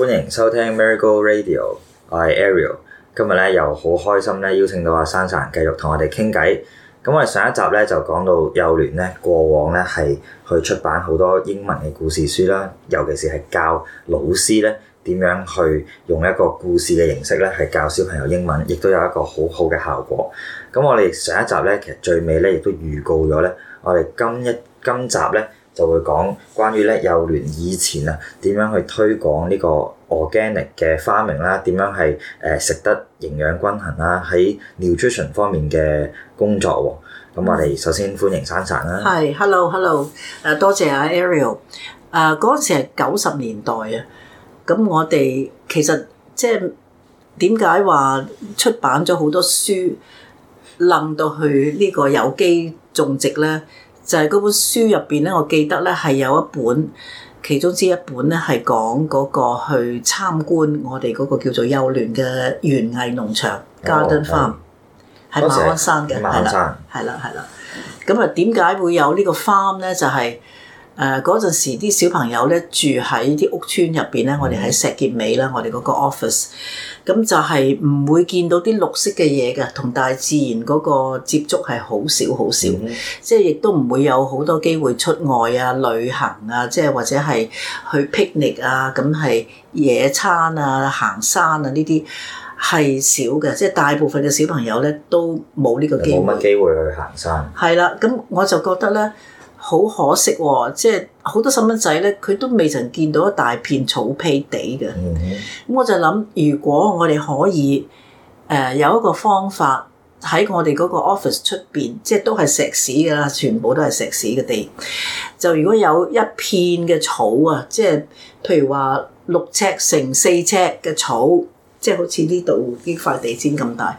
歡迎收聽 Miracle Radio，我係 Ariel。今日咧又好開心咧，邀請到阿珊珊繼續同我哋傾偈。咁我哋上一集咧就講到幼聯咧過往咧係去出版好多英文嘅故事書啦，尤其是係教老師咧點樣去用一個故事嘅形式咧係教小朋友英文，亦都有一個好好嘅效果。咁我哋上一集咧其實最尾咧亦都預告咗咧，我哋今一今集咧，就會講關於咧幼聯以前啊點樣去推廣呢個 organic 嘅 farming 啦，點樣係誒、呃、食得營養均衡啦、啊，喺 nutrition 方面嘅工作喎、啊。咁我哋首先歡迎珊珊啦。係、mm hmm.，hello hello，誒、uh, 多謝阿、啊、Ariel。誒嗰陣時係九十年代啊，咁我哋其實即係點解話出版咗好多書，楞到去呢個有機種植咧？就係嗰本書入邊咧，我記得咧係有一本，其中之一本咧係講嗰個去參觀我哋嗰個叫做幼聯嘅園藝農場 Garden Farm，喺、oh, okay. 馬鞍山嘅，係啦 's 的，係啦，係啦。咁啊，點解會有個呢個 farm 咧？就係誒嗰陣時啲小朋友咧住喺啲屋村入邊咧，我哋喺石硤尾啦，我哋嗰個 office。咁就係唔會見到啲綠色嘅嘢嘅，同大自然嗰個接觸係好少好少，嗯、即係亦都唔會有好多機會出外啊、旅行啊，即係或者係去 picnic 啊、咁係野餐啊、行山啊呢啲係少嘅，即係、嗯、大部分嘅小朋友咧都冇呢個機會。冇乜機會去行山。係啦，咁我就覺得咧。好可惜喎、哦，即係好多細蚊仔咧，佢都未曾見到一大片草坯皮地嘅。咁、mm hmm. 我就諗，如果我哋可以誒、呃、有一個方法喺我哋嗰個 office 出邊，即係都係石屎㗎啦，全部都係石屎嘅地，就如果有一片嘅草啊，即係譬如話六尺乘四尺嘅草，即係好似呢度呢塊地毯咁大。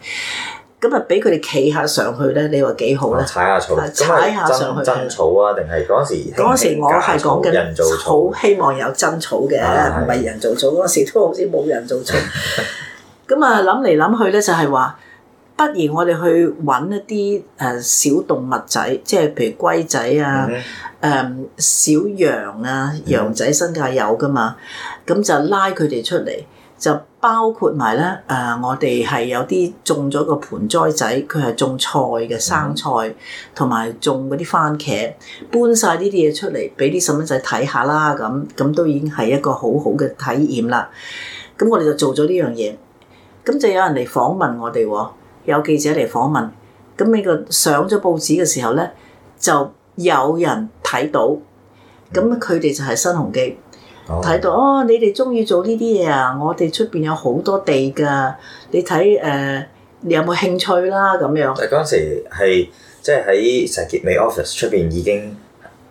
咁啊，俾佢哋企下上去咧，你話幾好咧？踩下草，踩下上去，真草啊？定係嗰陣時？嗰時我係講緊人造草，希望有真草嘅，唔係人造草。嗰陣時都好似冇人造草。咁啊，諗嚟諗去咧，就係話，不如我哋去揾一啲誒小動物仔，即係譬如龜仔啊，誒、mm hmm. um, 小羊啊，羊仔新界有㗎嘛？咁就拉佢哋出嚟，就。包括埋咧，誒、呃，我哋係有啲種咗個盆栽仔，佢係種菜嘅生菜，同埋種嗰啲番茄，搬晒呢啲嘢出嚟俾啲細蚊仔睇下啦，咁咁都已經係一個好好嘅體驗啦。咁我哋就做咗呢樣嘢，咁就有人嚟訪問我哋，有記者嚟訪問，咁你個上咗報紙嘅時候咧，就有人睇到，咁佢哋就係新鴻基。睇到哦，你哋中意做呢啲嘢啊！我哋出邊有好多地㗎，你睇、呃、你有冇興趣啦、啊、咁樣。但係嗰陣時係即係喺石硤尾 office 出邊已經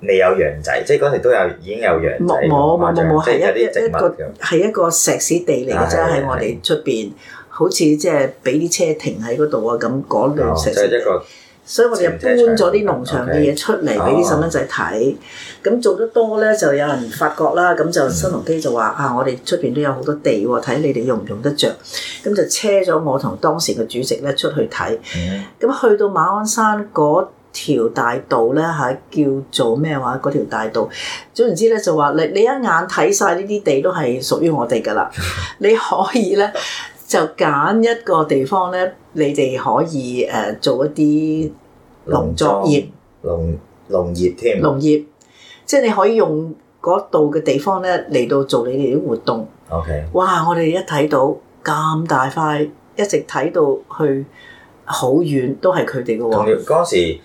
未有羊仔，即係嗰陣時都有已經有羊仔咁嘅，即係有啲積木，係一個石屎地嚟㗎啫，喺、啊、我哋出邊，好似即係俾啲車停喺嗰度啊咁，攪、那、亂、個、石屎地。哦就是一個所以我哋就搬咗啲農場嘅嘢出嚟俾啲細蚊仔睇，咁、哦、做得多咧就有人發覺啦，咁就新農基就話、嗯、啊，「我哋出邊都有好多地，睇你哋用唔用得着。」咁就車咗我同當時嘅主席咧出去睇，咁、嗯、去到馬鞍山嗰條大道咧嚇、啊、叫做咩話嗰條大道，總言之咧就話你你一眼睇晒呢啲地都係屬於我哋㗎啦， 你可以咧。就揀一個地方咧，你哋可以誒、啊、做一啲農作業農、農農業添。農業，即係你可以用嗰度嘅地方咧嚟到做你哋啲活動。OK。哇！我哋一睇到咁大塊，一直睇到去好遠都，都係佢哋嘅喎。嗰時。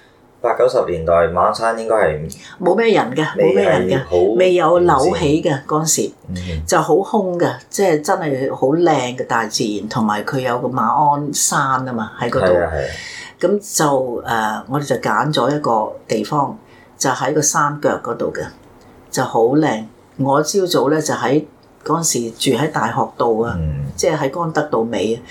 八九十年代馬鞍山應該係冇咩人嘅，冇咩人嘅，未有扭起嘅嗰陣時，就好空嘅，即係真係好靚嘅大自然，同埋佢有個馬鞍山啊嘛喺嗰度，咁就誒，我哋就揀咗一個地方，就喺個山腳嗰度嘅，就好靚。我朝早咧就喺。嗰陣時住喺大學度啊，嗯、即係喺光德道尾啊。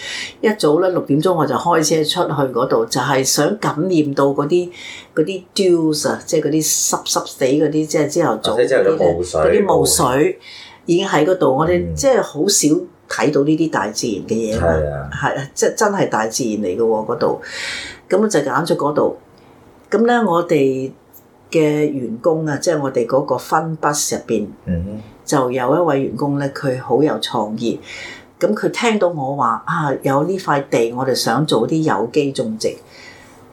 一早咧六點鐘我就開車出去嗰度，就係、是、想感染到嗰啲嗰啲 drops 啊，即係嗰啲濕濕地嗰啲，即係朝頭早嗰啲啲霧水，水，水已經喺嗰度。嗯、我哋即係好少睇到呢啲大自然嘅嘢啦，係啊的，即係真係大自然嚟嘅喎嗰度。咁我就揀咗嗰度。咁咧我哋嘅員工啊，即、就、係、是、我哋嗰個分部入邊。嗯就有一位員工咧，佢好有創意。咁佢聽到我話啊，有呢塊地，我哋想做啲有機種植。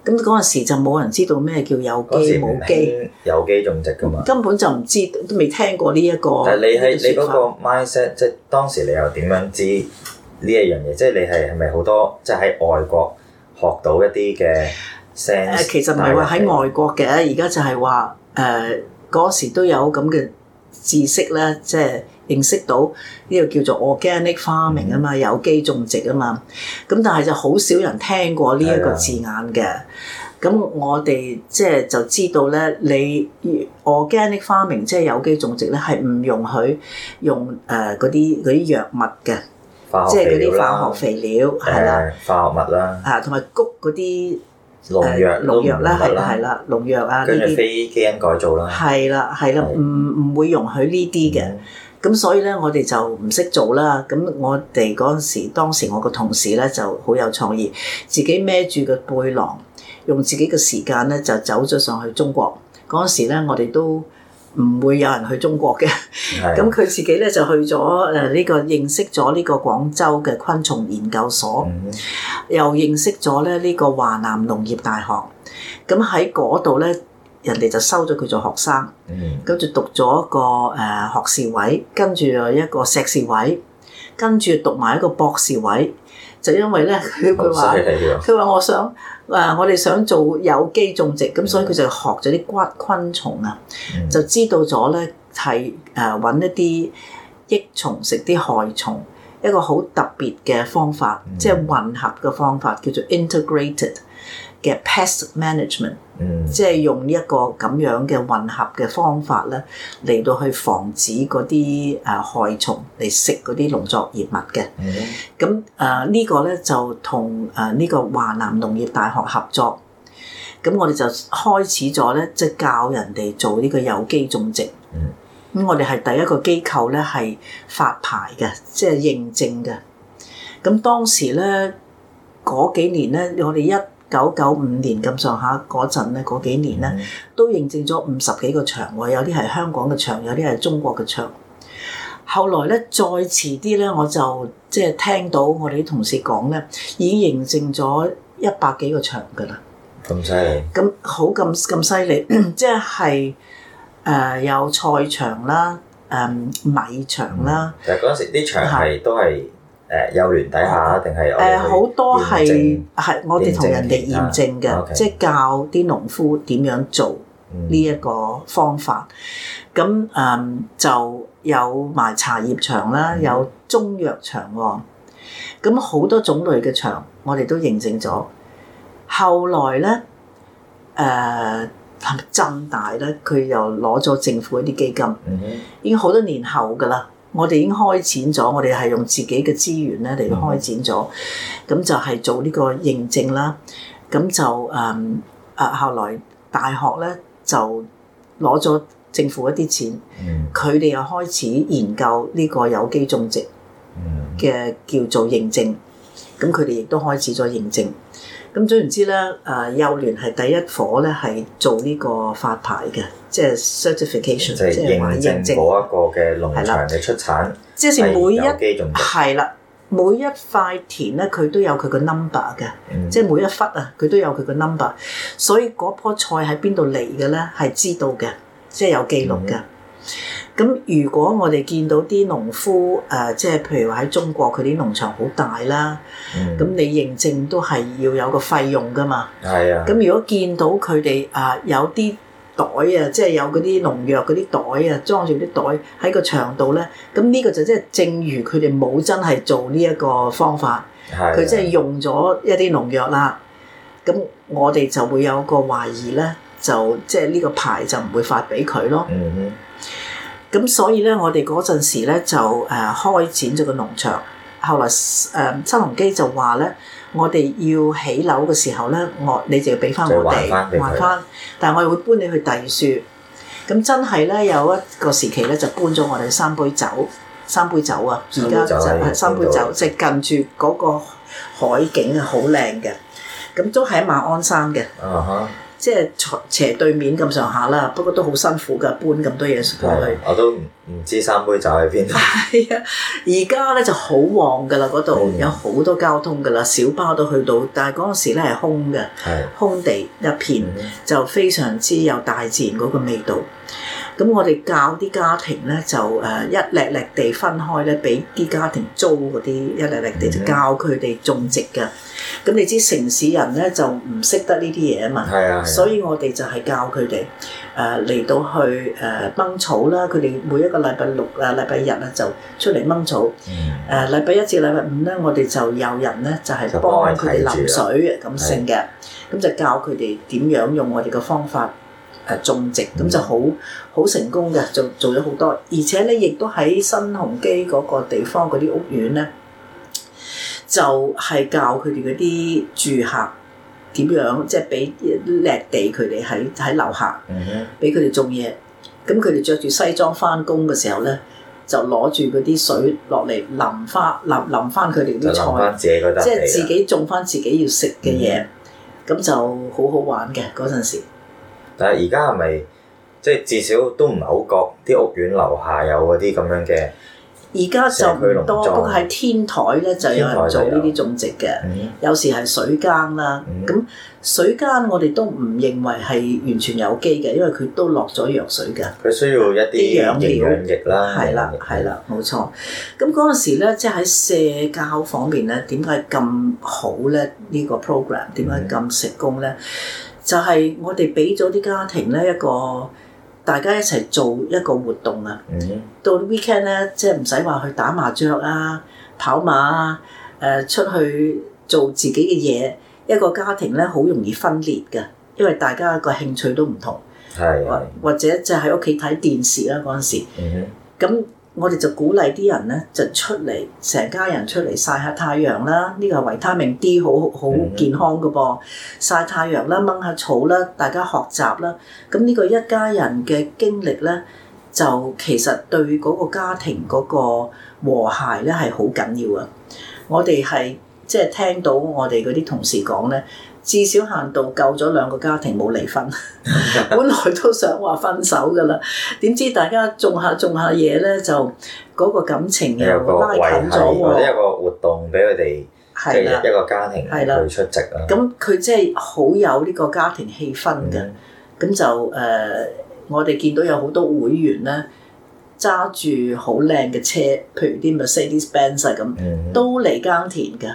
咁嗰陣時就冇人知道咩叫有機冇機。有機種植噶嘛？根本就唔知，都未聽過呢一個。但係你喺你嗰個 Mindset，即係當時你又點樣知呢一樣嘢？即係你係係咪好多即係喺外國學到一啲嘅 sense？其實唔係話喺外國嘅，而家就係話誒嗰時都有咁嘅。知識咧，即係認識到呢個叫做 organic farming 啊嘛，嗯、有機種植啊嘛。咁但係就好少人聽過呢一個字眼嘅。咁、哎、呀我哋即係就知道咧，你 organic farming 即係有機種植咧，係唔容許用誒嗰啲嗰啲藥物嘅，即係嗰啲化學肥料係啦，化學物啦，嚇同埋谷嗰啲。農藥，農，農藥、農藥啦，係啦，係啦，農藥啊，呢啲跟住非基因改造啦，係啦，係啦，唔唔的會容許呢啲嘅，咁的所以咧，我哋就唔識做啦。咁我哋嗰陣時，當時我個同事咧就好有創意，自己孭住個背囊，用自己嘅時間咧就走咗上去中國。嗰陣時咧，我哋都。唔會有人去中國嘅，咁 佢自己咧就去咗誒呢個認識咗呢個廣州嘅昆蟲研究所，mm hmm. 又認識咗咧呢個華南農業大學。咁喺嗰度咧，人哋就收咗佢做學生，跟住、mm hmm. 讀咗一個誒學士位，跟住又一個碩士位，跟住讀埋一個博士位。就因為咧，佢佢話，佢話我想。呃、我哋想做有機種植，咁所以佢就學咗啲骨昆蟲啊，就知道咗咧係誒揾一啲益蟲食啲害蟲，一個好特別嘅方法，嗯、即係混合嘅方法，叫做 integrated。嘅 pest management，、嗯、即係用一個咁樣嘅混合嘅方法咧，嚟到去防止嗰啲誒害蟲嚟食嗰啲農作物嘅。咁誒、嗯呃這個、呢個咧就同誒呢個華南農業大學合作，咁我哋就開始咗咧，即係教人哋做呢個有機種植。咁、嗯、我哋係第一個機構咧，係發牌嘅，即係認證嘅。咁當時咧嗰幾年咧，我哋一九九五年咁上下嗰陣咧，嗰幾年咧都認證咗五十幾個場位，有啲係香港嘅場，有啲係中國嘅場。後來咧，再遲啲咧，我就即係聽到我哋啲同事講咧，已經認證咗一百幾個場㗎啦。咁犀利！咁好咁咁犀利，即係誒、呃、有菜場啦，誒、嗯、米場啦。其實嗰、嗯就是、時啲場係都係。誒幼、呃、聯底下定係誒好多係係証我哋同人哋驗證嘅，啊 okay. 即係教啲農夫點樣做呢一個方法。咁誒、嗯嗯、就有埋茶葉場啦，嗯、有中藥場喎。咁、哦、好多種類嘅場，我哋都認證咗。後來咧，誒、呃、浸大咧，佢又攞咗政府一啲基金，已經好多年後噶啦。我哋已經開展咗，我哋係用自己嘅資源咧嚟開展咗，咁、嗯、就係做呢個認證啦。咁就誒誒、嗯，後來大學咧就攞咗政府一啲錢，佢哋、嗯、又開始研究呢個有機種植嘅叫做認證。咁佢哋亦都開始咗認證。咁總言之咧，誒幼聯係第一夥咧係做呢個發牌嘅。即係 certification，即係認證嗰一個嘅農場嘅出產係、就是、有機種植，係啦，每一塊田咧佢都有佢個 number 嘅，即係、嗯、每一忽啊佢都有佢個 number，所以嗰棵菜喺邊度嚟嘅咧係知道嘅，即、就、係、是、有記錄嘅。咁、嗯、如果我哋見到啲農夫誒，即、呃、係、就是、譬如話喺中國，佢啲農場好大啦，咁、嗯、你認證都係要有個費用噶嘛。係啊、嗯。咁如果見到佢哋啊有啲袋啊，即係有嗰啲農藥嗰啲袋啊，裝住啲袋喺個牆度咧。咁呢個就即係正如佢哋冇真係做呢一個方法，佢即係用咗一啲農藥啦。咁我哋就會有個懷疑咧，就即係呢個牌就唔會發俾佢咯。咁、嗯、哼所以咧，我哋嗰陣時咧就誒開展咗個農場，後來誒七龍基就話咧。我哋要起樓嘅時候呢，我你就要俾翻我哋還翻，還回但係我哋會搬你去第二處。咁真係呢，有一個時期呢，就搬咗我哋三杯酒，三杯酒啊，而家就三杯酒，即係近住嗰個海景啊，好靚嘅，咁都喺馬鞍山嘅。Uh huh. 即係斜對面咁上下啦，不過都好辛苦㗎，搬咁多嘢上去，去、哦。我都唔知三杯酒喺邊。係啊 ，而家咧就好旺㗎喇，嗰度、嗯、有好多交通㗎喇，小巴都去到，但係嗰陣時咧係空嘅，是空地一片、嗯、就非常之有大自然嗰個味道。咁我哋教啲家庭咧，就誒一列列地分開咧，俾啲家庭租嗰啲一列列地，就教佢哋種植嘅。咁你知城市人咧就唔識得呢啲嘢啊嘛，所以我哋就係教佢哋誒嚟到去誒掹草啦。佢哋每一個禮拜六啊、禮拜日啊，就出嚟掹草。誒禮拜一至禮拜五咧，我哋就有人咧就係幫佢哋淋水咁聲嘅，咁就教佢哋點樣用我哋嘅方法。誒、呃、種植咁就好好成功嘅，就做咗好多，而且咧亦都喺新鴻基嗰個地方嗰啲屋苑咧、嗯，就係教佢哋嗰啲住客點樣，即係俾曬地佢哋喺喺樓下，俾佢哋種嘢。咁佢哋着住西裝翻工嘅時候咧，就攞住嗰啲水落嚟淋花淋淋翻佢哋啲菜，即係自，自己種翻自己要食嘅嘢，咁、嗯、就好好玩嘅嗰陣時。啊！而家係咪即係至少都唔係好覺啲屋苑樓下有嗰啲咁樣嘅，而家就唔多。不過喺天台咧就，就有人做呢啲種植嘅，有時係水耕啦。咁、嗯、水耕我哋都唔認為係完全有機嘅，因為佢都落咗藥水㗎。佢需要一啲營養液啦，係啦，係啦，冇錯。咁嗰陣時咧，即係喺社交方面咧，點解咁好咧？呢、呢個 program 點解咁成功咧？就係我哋俾咗啲家庭咧一個，大家一齊做一個活動啊！Mm hmm. 到 weekend 咧，即係唔使話去打麻雀啊、跑馬啊、誒、呃、出去做自己嘅嘢，一個家庭咧好容易分裂嘅，因為大家個興趣都唔同，mm hmm. 或或者即係喺屋企睇電視啦嗰陣時，咁、mm。Hmm. 我哋就鼓勵啲人咧，就出嚟，成家人出嚟曬下太陽啦！呢個係維他命 D 好好健康噶噃，mm hmm. 曬太陽啦，掹下草啦，大家學習啦。咁呢個一家人嘅經歷咧，就其實對嗰個家庭嗰個和諧咧係好緊要啊！我哋係即係聽到我哋嗰啲同事講咧。至少限度救咗兩個家庭冇離婚， 本來都想話分手噶啦，點知大家種下種下嘢咧，就嗰個感情又拉近咗喎。覺一,一個活動俾佢哋即係一個家庭去出席啊。咁佢即係好有呢個家庭氣氛嘅，咁、嗯、就誒、呃，我哋見到有好多會員咧揸住好靚嘅車，譬如啲 Mercedes Benz 咁，嗯、都嚟耕田噶。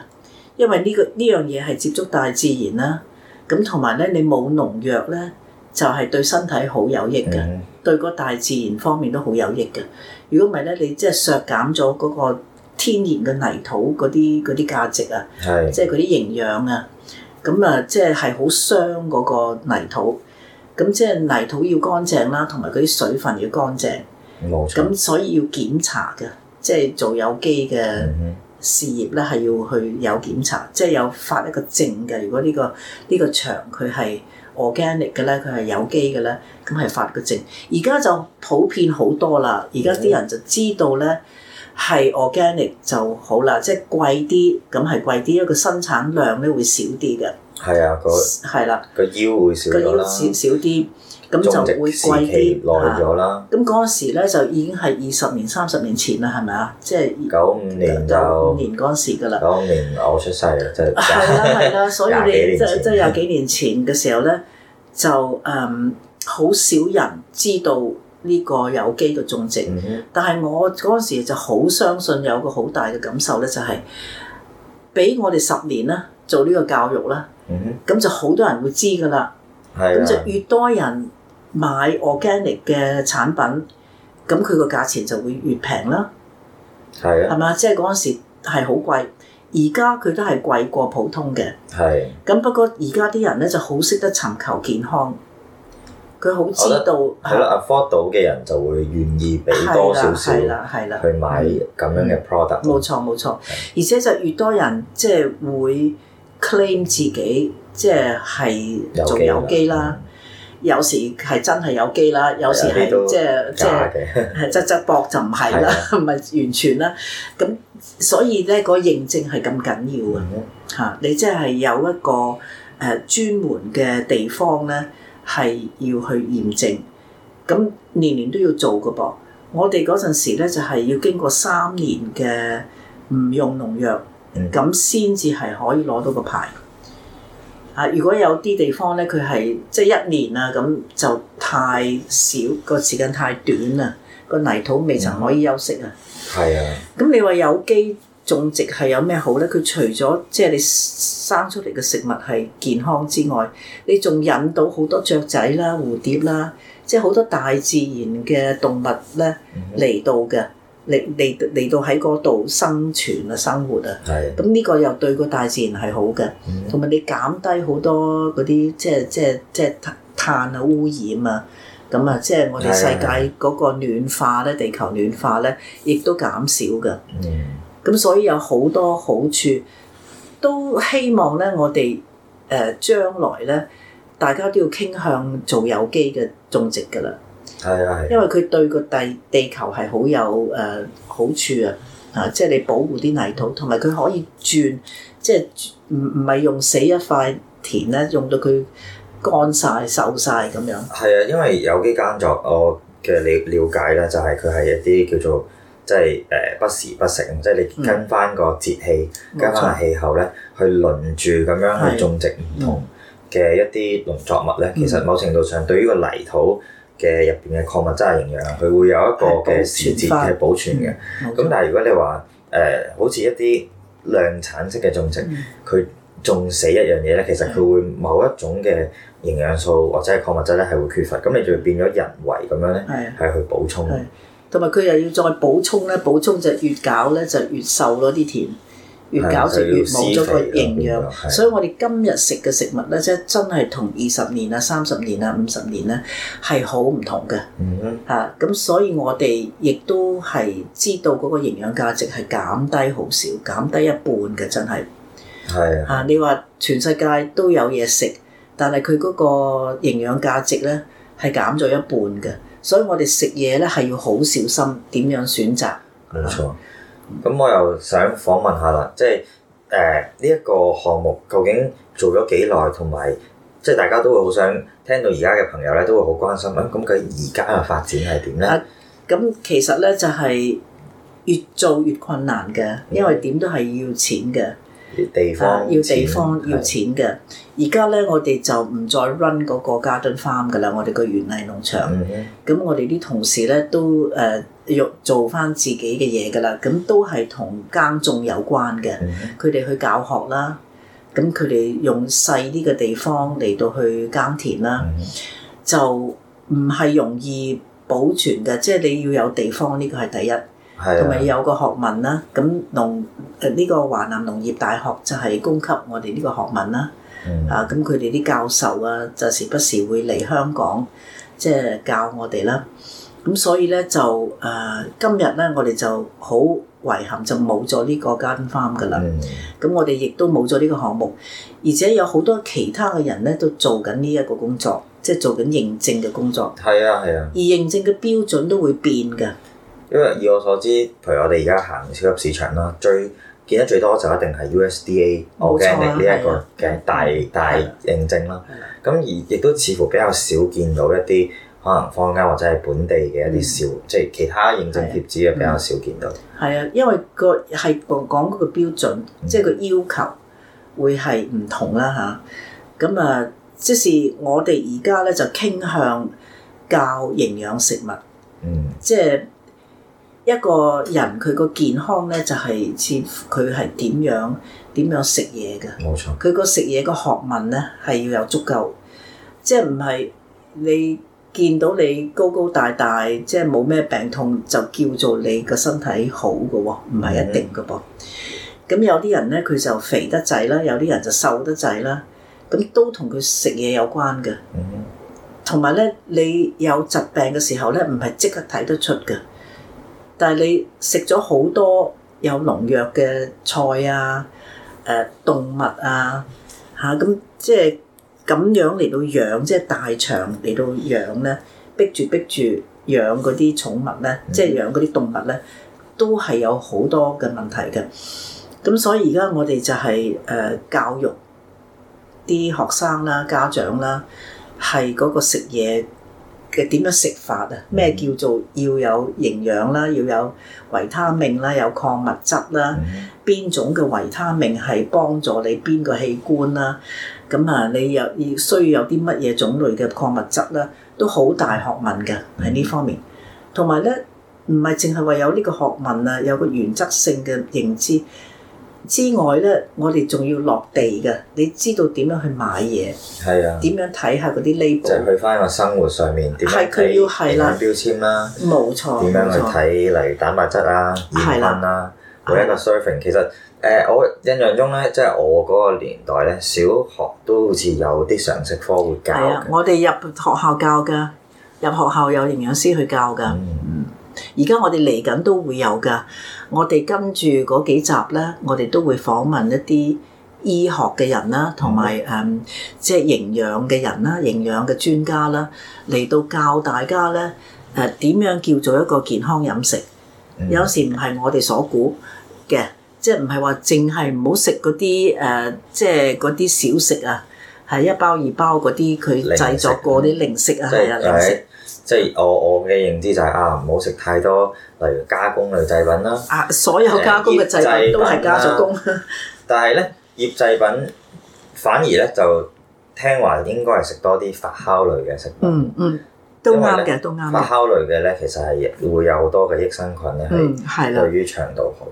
因為呢、這個呢樣嘢係接觸大自然啦、啊，咁同埋咧你冇農藥咧，就係、是、對身體好有益嘅，嗯、對個大自然方面都好有益嘅。如果唔係咧，你即係削減咗嗰個天然嘅泥土嗰啲嗰啲價值啊，是即係嗰啲營養啊，咁啊即係係好傷嗰個泥土，咁即係泥土要乾淨啦，同埋嗰啲水分要乾淨，咁錯所以要檢查嘅，即、就、係、是、做有機嘅。嗯事業咧係要去有檢查，即係有發一個證嘅。如果呢個呢個場佢係 organic 嘅咧，佢係有機嘅咧，咁係發個證。而家就普遍好多啦，而家啲人就知道咧係 organic 就好啦，即係貴啲，咁係貴啲，因個生產量咧會少啲嘅。係啊，嗰個啦，啊、個腰會少咗個腰少少啲，咁就會貴啲啊。咁嗰陣時咧就已經係二十年三十年前啦，係咪啊？即係九五年九五年嗰陣時㗎啦。九五年我出世、就係、 啊，即係廿係啦係啦，所以你即係即係廿幾年前嘅時候咧，就誒好、嗯、少人知道呢個有機嘅種植，嗯、哼但係我嗰陣時就好相信，有個好大嘅感受咧，就係俾我哋十年啦，做呢個教育啦。咁、嗯、就好多人會知噶啦，咁的就越多人買 organic 嘅產品，咁佢個價錢就會越平啦。係啊的，係咪？即係嗰陣時係好貴，而家佢都係貴過普通嘅。係的。咁不過而家啲人咧就好識得尋求健康，佢好知道。係啦，afford 到嘅人就會願意俾多，多少少，係啦，去買咁樣嘅 product。冇、嗯嗯嗯、錯冇錯，而且就越多人即係會。Claim 自己即係做有機、嗯、啦，有時係真係有機啦，有時喺即係即係質質薄就唔係啦，唔係完全啦。咁所以咧，嗰、那個、認證係咁緊要嘅嚇。你即係有一個誒、呃、專門嘅地方咧，係要去驗證。咁年年都要做嘅噃。我哋嗰陣時咧，就係、是、要經過三年嘅唔用農藥，咁先至係可以攞到個牌。啊，如果有啲地方咧，佢係即係一年啊，咁就太少個時間太短啦，個泥土未曾可以休息、嗯、啊。係啊。咁你話有機種植係有咩好咧？佢除咗即係你生出嚟嘅食物係健康之外，你仲引到好多雀仔啦、蝴蝶啦，即係好多大自然嘅動物咧嚟、嗯、哼到嘅。嚟嚟嚟到喺嗰度生存啊，生活啊，咁呢個又對個大自然係好嘅，同埋你減低好多嗰啲即係即係即係碳啊污染啊，咁啊即係我哋世界嗰個暖化咧，嗯、地球暖化咧，亦都減少嘅。咁所以有好多好處，都希望咧我哋誒將來咧，大家都要傾向做有機嘅種植噶啦。係啊，因為佢對個地地球係好有誒好處啊！啊，即係你保護啲泥土，同埋佢可以轉，即係唔唔係用死一塊田咧，用到佢乾晒、瘦晒咁樣。係啊，因為有機耕作我嘅了了解咧，就係佢係一啲叫做即係誒、呃、不時不食，即係你跟翻個節氣，嗯、跟翻個氣候咧，去輪住咁樣去種植唔同嘅一啲農作物咧。嗯嗯、其實某程度上對於個泥土嘅入邊嘅礦物質嘅營養，佢會有一個嘅時節係保存嘅。咁、嗯嗯、但係如果你話誒、呃，好似一啲量產式嘅種植，佢、嗯、種死一樣嘢咧，其實佢會某一種嘅營養素或者係礦物質咧係會缺乏。咁你就變咗人為咁樣咧，係去補充。同埋佢又要再補充咧，補充就越搞咧就是、越瘦咯啲田。越搞就越冇咗個營養，所以我哋今日食嘅食物咧，即係真係同二十年啊、三十年啊、五十年咧係好唔同嘅。嚇，咁所以我哋亦都係知道嗰個營養價值係減低好少，減低一半嘅真係。係啊，啊。你話全世界都有嘢食，但係佢嗰個營養價值咧係減咗一半嘅，所以我哋食嘢咧係要好小心點樣選擇。係冇錯。啊。咁我又想訪問下啦，即係誒呢一個項目究竟做咗幾耐，同埋即係大家都會好想聽到而家嘅朋友咧都會好關心，咁咁佢而家嘅發展係點咧？咁、啊、其實咧就係、是、越做越困難嘅，因為點都係要錢嘅。地方、啊、要地方錢要錢嘅，而家咧我哋就唔再 run 嗰個 Garden Farm 噶啦，我哋個園藝農場，咁、mm hmm. 我哋啲同事咧都誒用、呃、做翻自己嘅嘢噶啦，咁都係同耕種有關嘅。佢哋、mm hmm. 去教學啦，咁佢哋用細啲嘅地方嚟到去耕田啦，mm hmm. 就唔係容易保存嘅，即、就、係、是、你要有地方呢、呢個係第一。同埋、啊、有個學問啦，咁農誒呢個華南農業大學就係供給我哋呢個學問啦。嗯、啊，咁佢哋啲教授啊，就時不時會嚟香港，即、就、係、是、教我哋啦。咁所以咧就誒、呃，今日咧我哋就好遺憾就，就冇咗呢個間 farm 噶啦。咁我哋亦都冇咗呢個項目，而且有好多其他嘅人咧都做緊呢一個工作，即係做緊認證嘅工作。係啊，係啊。而認證嘅標準都會變㗎。嗯因為以我所知，譬如我哋而家行超級市場啦，最見得最多就一定係 USDA、啊、organic 呢一個嘅大、啊、大，大認證啦。咁、啊啊、而亦都似乎比較少見到一啲可能坊間或者係本地嘅一啲小，嗯、即係其他認證貼紙嘅比較少見到。係啊、嗯、啊，因為、嗰個係講嗰個標準，嗯、即係個要求會係唔同啦吓，咁啊，即是我哋而家咧就傾向教營養食物，即係。一個人佢個健康咧，就係似佢係點樣點樣錯食嘢嘅。冇錯。佢個食嘢個學問咧，係要有足夠，即係唔係你見到你高高大大，即係冇咩病痛，就叫做你個身體好嘅喎？唔係一定嘅噃。咁、嗯、有啲人咧，佢就肥得滯啦，有啲人就瘦得滯啦。咁都同佢食嘢有關嘅。嗯。同埋咧，你有疾病嘅時候咧，唔係即刻睇得出嘅。但係你食咗好多有農藥嘅菜啊，誒動物啊，嚇，咁即係咁樣嚟到養，即係大場嚟到養咧，逼住逼住養嗰啲寵物咧，即係養嗰啲動物咧，都係有好多嘅問題嘅。咁所以而家我哋就係誒教育啲學生啦、家長啦，係嗰個食嘢。嘅點樣食法啊？咩叫做要有營養啦，要有維他命啦，有礦物質啦。邊 種嘅維他命係幫助你邊個器官啦？咁啊，你有要需要有啲乜嘢種類嘅礦物質啦？都好大學問㗎，喺呢方面。同埋咧，唔係淨係話有呢個學問啊，有個原則性嘅認知，之外咧，我哋仲要落地嘅，你知道點樣去買嘢？係啊，點樣睇下嗰啲 label？就係去翻個生活上面，係佢、啊、要係啦。標籤啦、啊，冇錯。點樣去睇嚟？蛋白質啊，熱量啦，啊、冇錯，每一個 serving、啊、其實誒、呃，我印象中咧，即係我嗰個年代咧，小學都好似有啲常識科會教啊，我哋入學校教噶，入學校有營養師去教噶。嗯。而家我哋嚟緊都會有㗎，我哋跟住嗰幾集咧，我哋都會訪問一啲醫學嘅人啦，同埋誒即係營養嘅人啦，營養嘅專家啦，嚟到教大家咧誒點樣叫做一個健康飲食。嗯、有時唔係我哋所估嘅，即係唔係話淨係唔好食嗰啲誒，即係嗰啲小食啊，係一包二包嗰啲佢製作過啲零食啊，係啊零食。即係我我嘅認知就係、是、啊唔好食太多，例如加工類製品啦。啊，所有加工嘅製品都係加咗工。啊、但係咧，醃製品反而咧就聽話應該係食多啲發酵類嘅食物。嗯嗯，都啱嘅，都啱嘅。發酵類嘅咧，其實係會有好多嘅益生菌，係對於腸道好。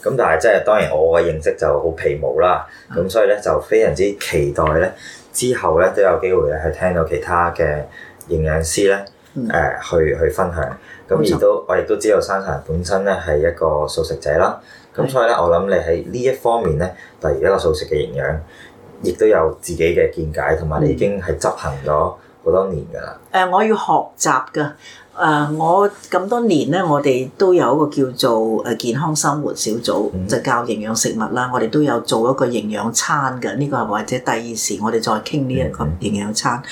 咁、嗯、但係即係當然我嘅認識就好皮毛啦。咁所以咧就非常之期待咧，之後咧都有機會咧係聽到其他嘅營養師咧。誒去、嗯、去分享，咁亦都錯我亦都知道 Sansan 本身咧係一個素食者啦，咁所以咧是的 我諗你喺呢一方面咧，係一個素食嘅營養，亦都有自己嘅見解，同埋你已經係執行咗好多年㗎啦。誒、嗯呃，我要學習㗎。誒、uh,，我咁多年咧，我哋都有一個叫做誒健康生活小組，mm hmm. 就教營養食物啦。我哋都有做一個營養餐嘅，呢、這個係或者第二時我哋再傾呢一個營養餐。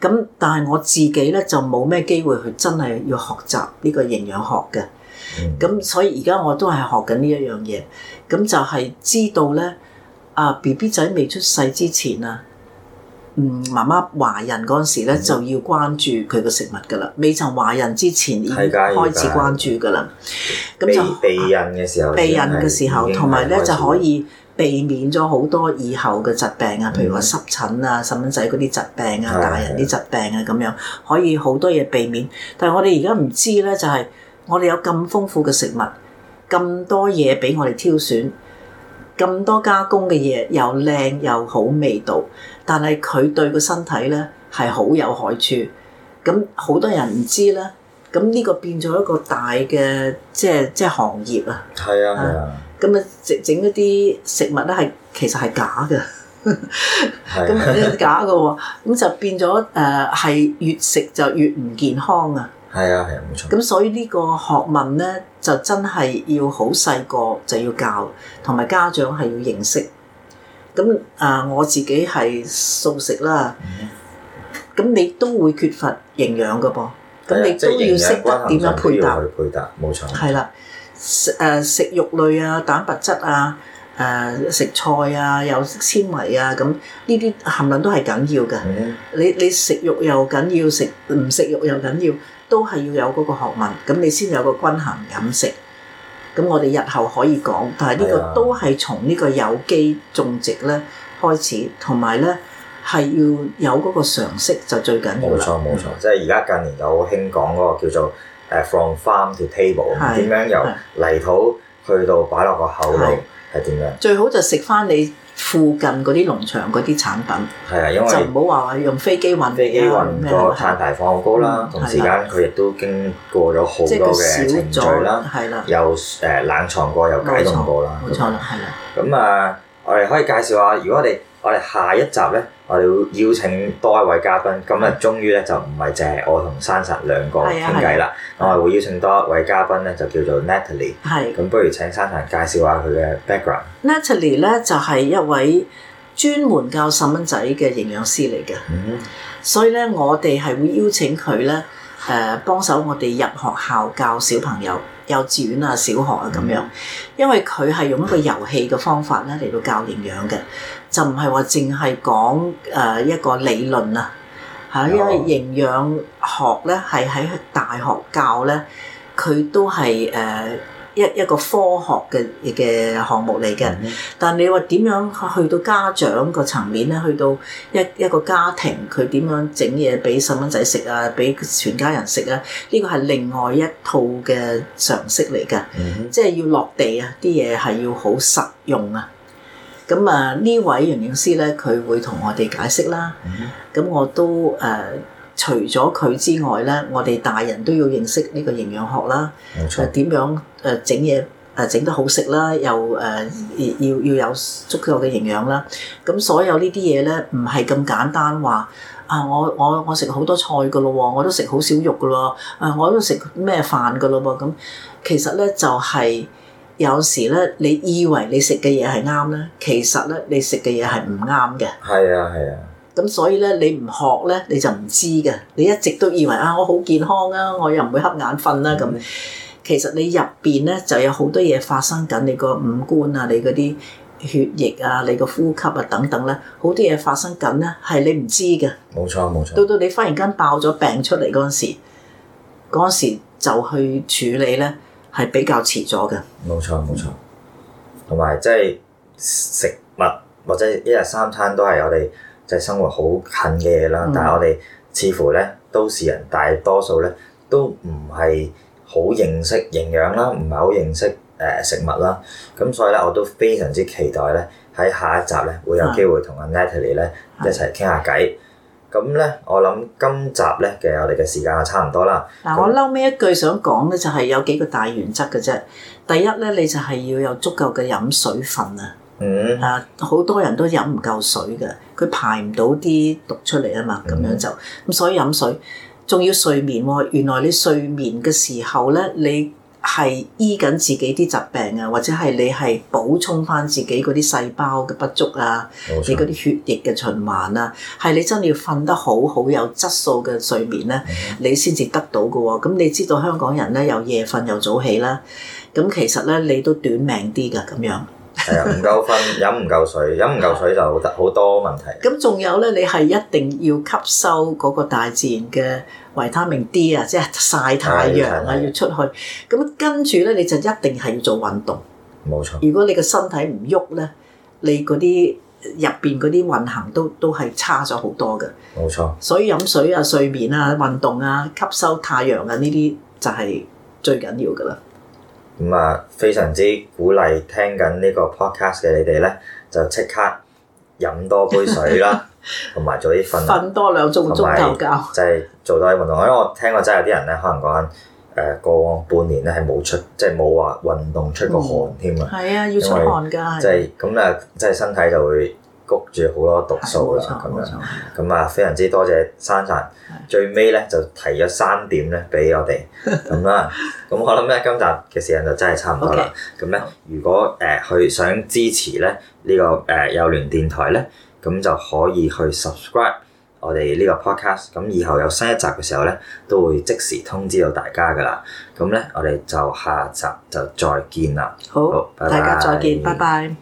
咁、mm hmm. 但係我自己咧就冇咩機會去真係要學習呢個營養學嘅。咁、mm hmm. 所以而家我都係學緊呢一樣嘢。咁就係知道咧，啊 B B 仔未出世之前啊。嗯，媽媽懷孕嗰陣時咧，嗯、就要關注佢個食物噶啦。未曾懷孕之前已經開始關注噶啦，咁就避孕嘅時候，避孕嘅時候，同埋咧就可以避免咗好多以後嘅疾、啊嗯、疾病啊，譬如話濕疹啊、細蚊仔嗰啲疾病啊、大人啲疾病啊咁樣，可以好多嘢避免。但係我哋而家唔知咧，就係、是、我哋有咁豐富嘅食物，咁多嘢俾我哋挑選。咁多加工嘅嘢又靚又好味道，但係佢對個身體咧係好有害處。咁好多人唔知啦，咁呢個變咗一個大嘅即係即係行業啊。係啊係啊。咁啊整整一啲食物咧係其實係假嘅，咁 啲、啊、 假嘅喎，咁就變咗誒係越食就越唔健康啊。係啊，係啊，冇錯。咁所以呢個學問咧，就真係要好細個就要教，同埋家長係要認識。咁啊、呃，我自己係素食啦。咁、嗯、你都會缺乏營養㗎噃。咁、啊、你都要識得點樣配搭。去配搭，冇錯、啊。係啦，食誒食肉類啊，蛋白質啊，誒、呃、食菜啊，有纖維啊，咁呢啲含量都係緊要㗎。嗯、你你食肉又緊要，食唔食肉又緊要。嗯都係要有嗰個學問，咁你先有個均衡飲食。咁我哋日後可以講，但係呢個都係從呢個有機種植咧開始，同埋咧係要有嗰個常識就最緊要啦。冇錯冇錯，即係而家近年有興講嗰個叫做誒 from farm to table，點是樣由泥土去到擺落個口度係點樣？樣最好就食翻你。附近嗰啲農場嗰啲產品，係啊，因為就唔好話話用飛機運啊咩啊，飛機運咗碳排放高啦。嗯、同時間佢的亦都經過咗好多嘅程序啦的，又誒冷藏過又解凍過啦。冇錯啦，係啦樣。咁啊，我哋可以介紹下，如果我哋。我哋下一集呢，我哋、啊啊、會邀請多一位嘉賓。今日終於呢，就唔係淨係我同珊珊兩個傾偈啦，我係會邀請多一位嘉賓呢就叫做 Natalie、啊。係。咁不如請珊珊介紹下佢嘅 background。Natalie 呢，就係、是、一位專門教細蚊仔嘅營養師嚟嘅，嗯、哼所以呢，我哋係會邀請佢呢。誒、呃、幫手我哋入學校教小朋友，幼稚園啊、小學啊咁樣，因為佢係用一個遊戲嘅方法咧嚟到教營養嘅，就唔係話淨係講誒、呃、一個理論啊嚇、啊，因為營養學咧係喺大學教咧，佢都係誒。呃一一個科學嘅嘅項目嚟嘅，mm hmm. 但你話點樣去到家長個層面咧？去到一一個家庭佢點樣整嘢俾細蚊仔食啊？俾全家人食啊？呢、呢個係另外一套嘅常識嚟㗎，mm hmm. 即係要落地要啊！啲嘢係要好實用啊！咁啊，呢位營養師咧，佢會同我哋解釋啦。咁、mm hmm. 我都誒。呃除咗佢之外咧，我哋大人都要認識呢個營養學啦。冇錯，啊、點樣整嘢誒整得好食啦，又誒、呃、要要有足夠嘅營養啦。咁所有呢啲嘢咧，唔係咁簡單話啊，我我我食好多菜噶咯，我都食好少肉噶咯。啊，我都食咩飯噶咯噃？咁其實咧就係、是、有時咧，你以為你食嘅嘢係啱咧，其實咧你食嘅嘢係唔啱嘅。係啊，係啊。咁所以咧，你唔學咧，你就唔知嘅。你一直都以為、嗯、啊，我好健康啊，我又唔會瞌眼瞓啦、啊。咁、嗯、其實你入邊咧就有好多嘢發生緊，你個五官啊，你嗰啲血液啊，你個呼吸啊等等咧，好多嘢發生緊咧，係你唔知嘅。冇錯冇錯。到到你忽然間爆咗病出嚟嗰陣時，嗰時就去處理咧，係比較遲咗嘅。冇錯冇錯。同埋即係食物或者一日三餐都係我哋。即係生活好近嘅嘢啦，但係我哋似乎咧都市人，大多數咧都唔係好認識營養啦，唔係好認識誒食物啦，咁所以咧我都非常之期待咧喺下一集咧會有機會同阿 Natalie 咧一齊傾下偈。咁咧的我諗今集咧嘅我哋嘅時間係差唔多啦。嗱喏，那我嬲尾一句想講咧就係有幾個大原則嘅啫。第一咧你就係要有足夠嘅飲水分啊！啊！好、uh, 多人都飲唔夠水嘅，佢排唔到啲毒出嚟啊嘛，咁樣就咁、uh huh. 所以飲水仲要睡眠喎、哦。原來你睡眠嘅時候咧，你係醫緊自己啲疾病啊，或者係你係補充翻自己嗰啲細胞嘅不足啊，你嗰啲血液嘅循環啊，係你真係要瞓得好好有質素嘅睡眠咧，uh huh. 你先至得到嘅喎、哦。咁你知道香港人咧又夜瞓又早起啦，咁其實咧你都短命啲噶咁樣。係啊，唔夠瞓，飲唔夠水，飲唔夠水就好多問題。咁仲 有咧，你係一定要吸收嗰個大自然嘅維他命 D 啊，即係晒太陽啊，要出去。咁、啊、跟住咧，你就一定係要做運動。冇錯錯。如果你個身體唔喐咧，你嗰啲入邊嗰啲運行都都係差咗好多嘅。冇錯錯。所以飲水啊、睡眠啊、運動啊、吸收太陽啊呢啲就係最緊要噶啦。咁啊、嗯，非常之鼓勵聽緊呢個 podcast 嘅你哋咧，就即刻飲多杯水啦，同埋早啲瞓，瞓 多兩、早啲瞓夠覺，就係做多啲運動。嗯、因為我聽過真係有啲人咧，可能講誒過、過半年咧係冇出，即係冇話運動出過汗添啊。係啊、嗯，就係嗯、要出汗㗎。即係咁啊，即係身體就會，谷住好多毒素啦，咁樣，咁啊非常之多謝珊珊，最尾咧就提咗三點咧俾我哋，咁啊，咁我諗咧今集嘅時間就真係差唔多啦。咁咧、okay，如果誒佢、呃、想支持咧呢、呢個誒幼、呃、聯電台咧，咁就可以去 subscribe 我哋呢個 podcast。咁以後有新一集嘅時候咧，都會即時通知到大家㗎啦。咁咧，我哋就下集就再見啦。好，大家拜拜。